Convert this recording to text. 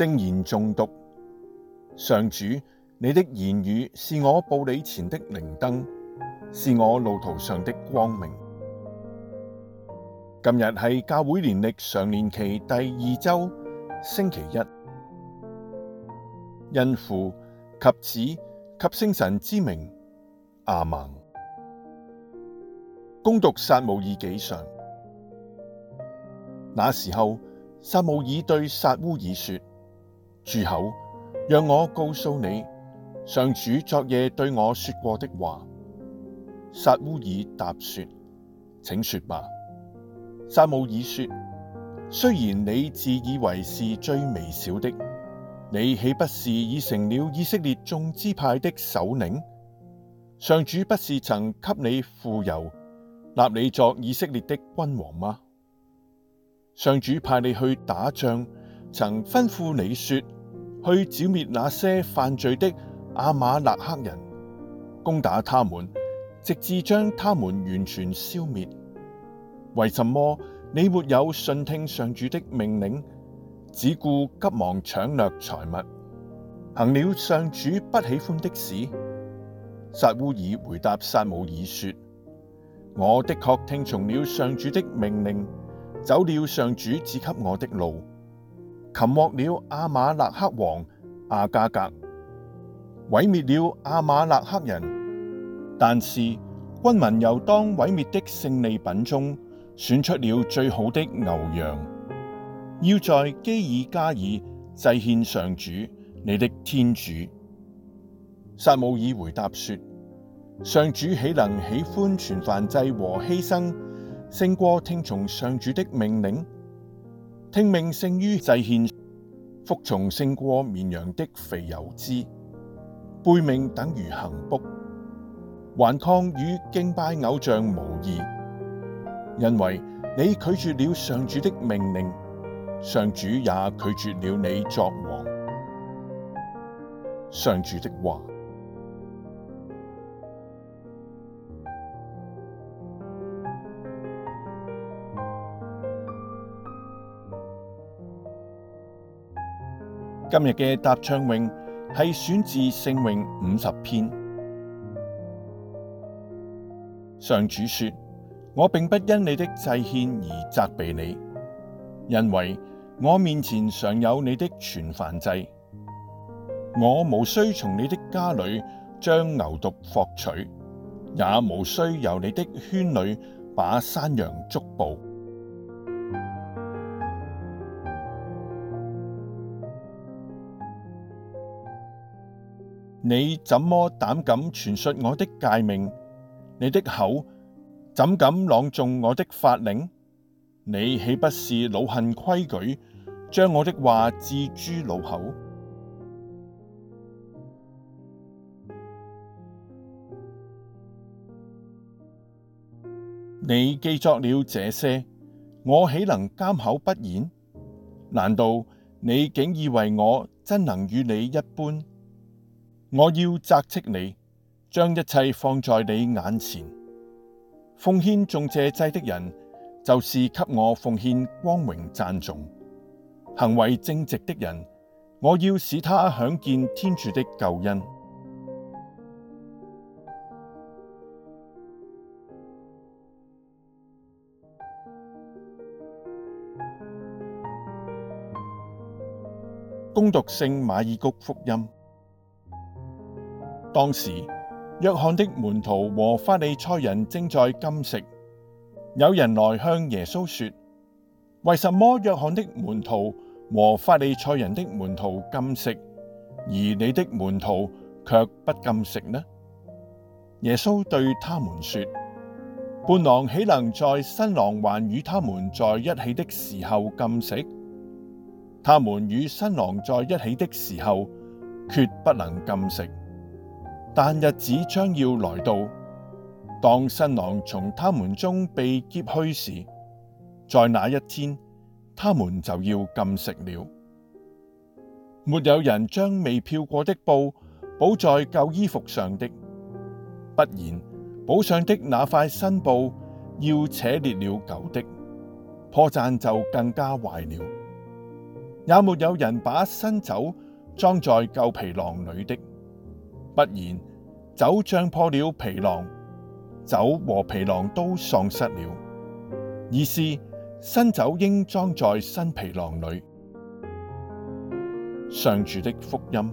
聖言誦讀，上主，你的言語是我步履前的靈燈，是我路途上的光明。今日係教會年曆常年期第二周，星期一。因父及子及聖神之名，阿門。恭讀撒慕爾紀上，那時候，撒慕爾對撒烏耳說。住口！讓我告訴你，上主昨夜對我說過的話。撒烏耳答說：請說吧。撒慕爾說：雖然你自以為是最微小的，你豈不是已成了以色列眾支派的首領？上主不是曾給你傅油，立你作以色列的君王嗎？上主派你去打仗，曾吩咐你說。去剿滅那些犯罪的阿瑪肋克人，攻打他們，直至將他們完全消滅。為什麼你沒有順聽上主的命令，只顧急忙搶掠財物，行了上主不喜歡的事？撒烏爾回答撒慕爾說：我的確聽從了上主的命令，走了上主指給我的路。擒獲了阿瑪肋克王阿加格，毀滅了阿瑪肋克人，但是軍民由當毀滅的勝利品中，選出了最好的牛羊，要在基耳加耳祭獻上主，你的天主。撒慕爾回答說：上主豈能喜歡全燔祭和犧牲，勝過聽從上主的命令？聽命勝於祭獻，服從勝過綿羊的肥油脂。背命等於行卜，頑抗與敬拜偶像無異。因為你拒絕了上主的命令，上主也拒絕了你作王。上主的話。今日嘅答唱詠，係選自聖詠五十篇。上主說：我並不因你的祭獻而責備你，因為我面前常有你的全燔祭，我無須從你的家裏將牛犢攫取，也無須由你的圈裏把山羊捉捕。你怎麼膽敢傳述我的誡命？你的口怎敢朗誦我的法令？你豈不是惱恨規矩，將我的話置諸腦後？你既作了這些，我豈能緘口不言？難道你竟以為我真能與你一般？我要責斥你，將一切放在你眼前。奉獻頌謝祭的人，就是給我奉獻光榮讚頌；行為正直的人，我要使他享見天主的救恩。恭讀聖馬爾谷福音。當時，若翰的門徒和法利塞人正在禁食。有人來向耶穌說：為什麼若翰的門徒和法利塞人的門徒禁食，而你的門徒却不禁食呢？耶穌對他們說：伴郎豈能在新郎還與他們在一起的時候禁食？他們與新郎在一起的時候，決不能禁食。但日子將要來到，當新郎從他們中被劫去時，在那一天，他們就要禁食了。沒有人將未漂過的布補在舊衣服上的，不然，補上的那塊新布要扯裂了舊的，破綻就更加壞了。也沒有人把新酒裝在舊皮囊裏的。不然，酒脹破了皮囊，酒和皮囊都喪失了。而是新酒應裝在新皮囊裏。上主的福音。